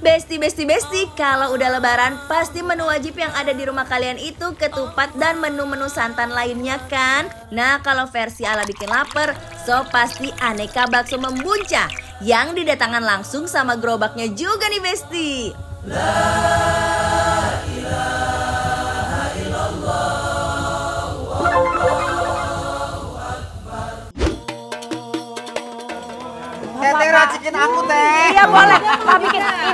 Besti, besti, besti, kalau udah lebaran pasti menu wajib yang ada di rumah kalian itu ketupat dan menu-menu santan lainnya kan? Nah kalau versi ala bikin lapar, so pasti aneka bakso membuncah yang didatangkan langsung sama gerobaknya juga nih besti. Teteh eh, racikin aku teh. Iya boleh. Tapi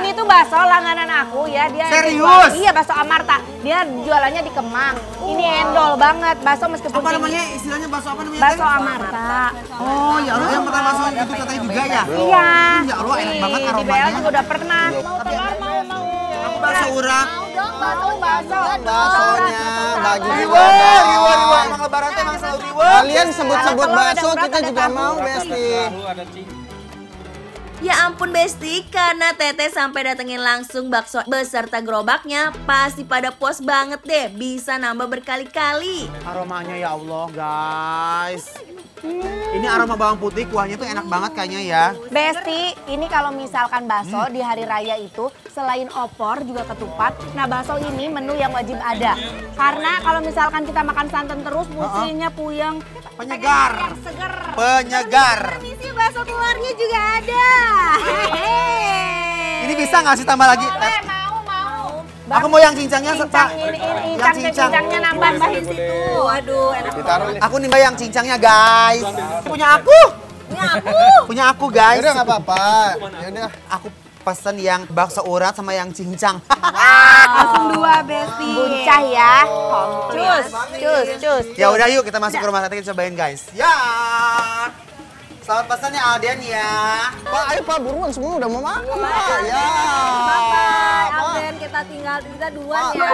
ini tuh bakso langganan aku ya. Dia Serius? iya bakso Amarta. Dia jualannya di Kemang. Ini endol banget bakso meskipun Apa namanya istilahnya bakso apa namanya? Bakso Amarta. Oh ya Allah yang pernah bakso itu katanya juga ya? Iya. Hmm, ya Allah enak banget aromanya. Di BL juga udah pernah. Aku bakso urak. Mau dong bakso bakso. Baksonya riwa riwa riwa. Emang lebaran tuh emang selalu riwa. Kalian sebut-sebut bakso kita juga mau Besti. Ada Ya ampun Besti, karena Tete sampai datengin langsung bakso beserta gerobaknya, pasti pada puas banget deh, bisa nambah berkali-kali. Aromanya ya Allah guys. Ini aroma bawang putih, kuahnya tuh enak banget kayaknya ya. Besti, ini kalau misalkan bakso hmm. di hari raya itu selain opor juga ketupat. Nah, bakso ini menu yang wajib ada. Karena kalau misalkan kita makan santan terus, musinya puyeng. Penyegar. Penyegar. Penyegar. Penyegar bakso keluarnya juga ada. Hey. Ini bisa nggak sih tambah lagi? Boleh, mau, mau. Bang, Aku mau yang cincangnya, cincang, Pak. Ini, ini, ini, yang cincang. cincangnya nambah di situ. Waduh, enak banget. Aku nimbah yang cincangnya, guys. Punya aku. Punya aku. Punya aku, guys. Udah nggak apa-apa. Yaudah, aku pesen yang bakso urat sama yang cincang. Wow. dua Besi. Buncah ya. Cus, cus, cus. Ya udah yuk kita masuk ke rumah sakit cobain guys. Ya. Selamat pesan ya Alden ya. Pak, ayo Pak buruan semua udah mau makan. Pak, iya. ya. Bye Alden kita tinggal kita dua ya.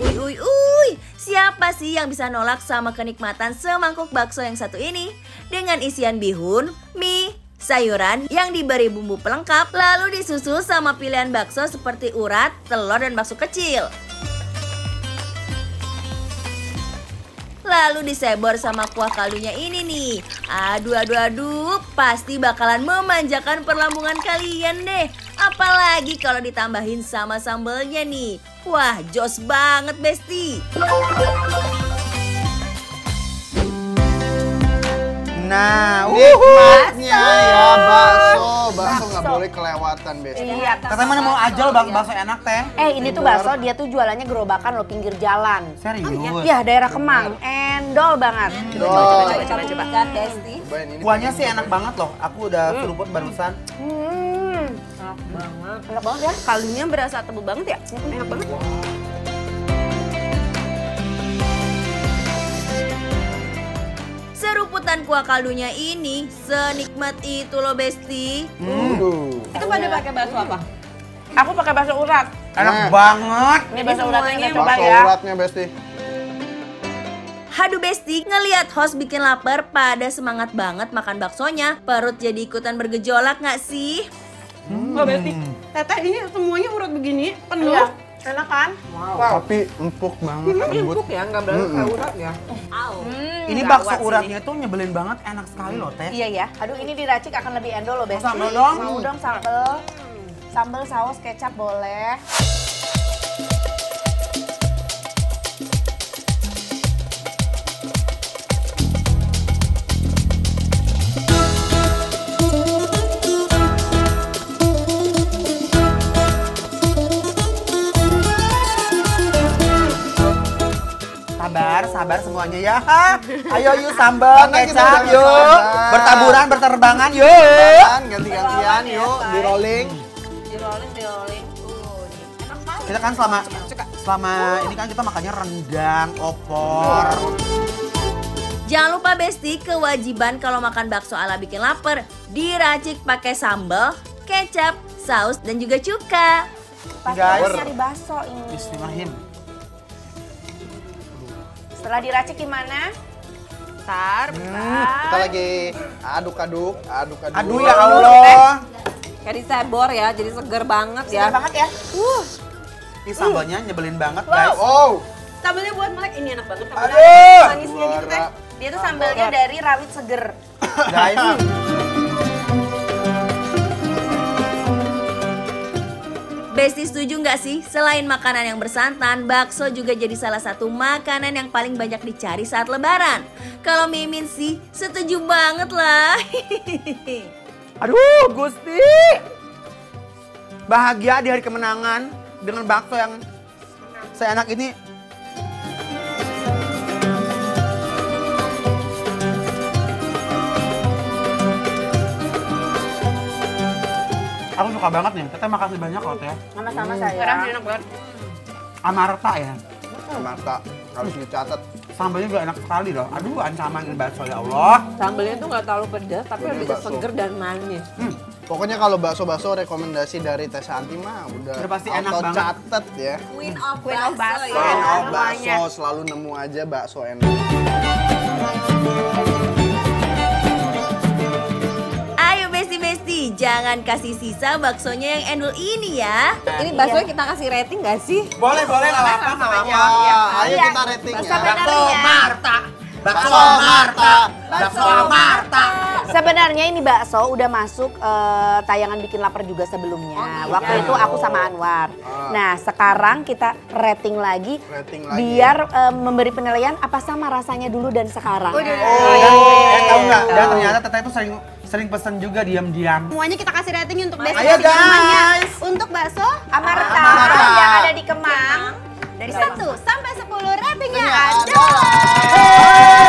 Uy, uy, uy, siapa sih yang bisa nolak sama kenikmatan semangkuk bakso yang satu ini? Dengan isian bihun, mie, sayuran yang diberi bumbu pelengkap, lalu disusul sama pilihan bakso seperti urat, telur, dan bakso kecil. lalu disebor sama kuah kaldunya ini nih. Aduh, aduh, aduh, pasti bakalan memanjakan perlambungan kalian deh. Apalagi kalau ditambahin sama sambelnya nih. Wah, jos banget, Besti. Nah, nikmatnya ya bakso boleh kelewatan besok. Iya. Katanya mana mau ajal bang iya. bakso enak teh. Eh ini tuh bakso dia tuh jualannya gerobakan loh pinggir jalan. Serius? Oh, iya. iya daerah Kemang. Endol banget. Coba coba coba coba coba. Kuahnya sih enak banget loh. Aku udah hmm. seruput barusan. Hmm. Enak banget. Enak banget ya. Kalinya berasa tebel banget ya. Enak banget. liputan kuah kaldunya ini senikmat itu loh Besti. Hmm. Itu pada pakai bakso apa? Aku pakai bakso urat. Enak eh. banget. Ini bakso uratnya coba ya. Bakso uratnya Besti. Haduh Besti, ngeliat host bikin lapar pada semangat banget makan baksonya. Perut jadi ikutan bergejolak nggak sih? Hmm. Oh Besti, teteh ini semuanya urat begini, penuh. Iya. Enak kan? Wow. wow. Tapi empuk banget. Ini empuk ya, nggak berasa mm -mm. urat ya. Oh. Mm, ini bakso uratnya tuh nyebelin banget, enak sekali loh Teh. Iya ya. Aduh ini diracik akan lebih endol loh Besti. Sambal dong. Mau dong sambal. Sambal saus kecap boleh. sabar, sabar semuanya ya. Ayo yuk sambal, kecap yuk. Bertaburan, berterbangan yuk. Ganti-gantian yuk, di rolling. Di rolling, di rolling. Kita kan selama selama ini kan kita makannya rendang, opor. Jangan lupa Besti, kewajiban kalau makan bakso ala bikin lapar, diracik pakai sambal, kecap, saus, dan juga cuka. Pasti harus nyari bakso ini. Bismillahirrahmanirrahim. Setelah diracik gimana? Tar, Hmm, kita lagi aduk-aduk, aduk-aduk. Aduh ya Allah. Eh. Jadi sabor ya, jadi seger banget ya. Seger banget ya. Uh. Ini sambalnya uh. nyebelin banget wow. guys. Oh. Sambalnya buat melek ini enak banget. Aduh. Manisnya gitu teh. Ya. Dia tuh sambalnya dari rawit seger. Guys. Besti setuju nggak sih? Selain makanan yang bersantan, bakso juga jadi salah satu makanan yang paling banyak dicari saat lebaran. Kalau Mimin sih setuju banget lah. Aduh, Gusti. Bahagia di hari kemenangan dengan bakso yang seenak ini suka banget nih. Teteh makasih banyak loh Teh. Sama-sama hmm. saya. Sekarang enak banget. Amarta ya. Hmm. Amarta harus hmm. dicatat. Sambalnya juga enak sekali loh. Aduh, ancaman bakso ya Allah. Sambalnya tuh nggak terlalu pedas, tapi lebih ke seger dan manis. Hmm. Pokoknya kalau bakso-bakso rekomendasi dari Teh Santi mah udah, udah pasti enak banget. catet ya. Queen of Queen bakso. of bakso, ya. bakso. selalu nemu aja bakso enak. jangan kasih sisa baksonya yang endul ini ya. Ini iya. kita kasih rating gak sih? Boleh, boleh, gak apa-apa, iya, iya, iya. apa Ayo kita rating ya. Bakso Marta. Bakso Marta. Bakso Marta. Sebenarnya ini bakso udah masuk uh, tayangan bikin lapar juga sebelumnya. Oh, iya. Waktu itu aku sama Anwar. Oh. Nah, sekarang kita rating lagi, rating lagi. biar uh, memberi penilaian apa sama rasanya dulu dan sekarang. Oh, oh. Dan, eh, eh tahu nggak? Dan ternyata teteh itu sering sering pesan juga diam-diam. Semuanya kita kasih rating untuk Ayo guys, Untuk bakso Amarta, Amarta. yang ada di Kemang dari 1 sampai 10 ratingnya adalah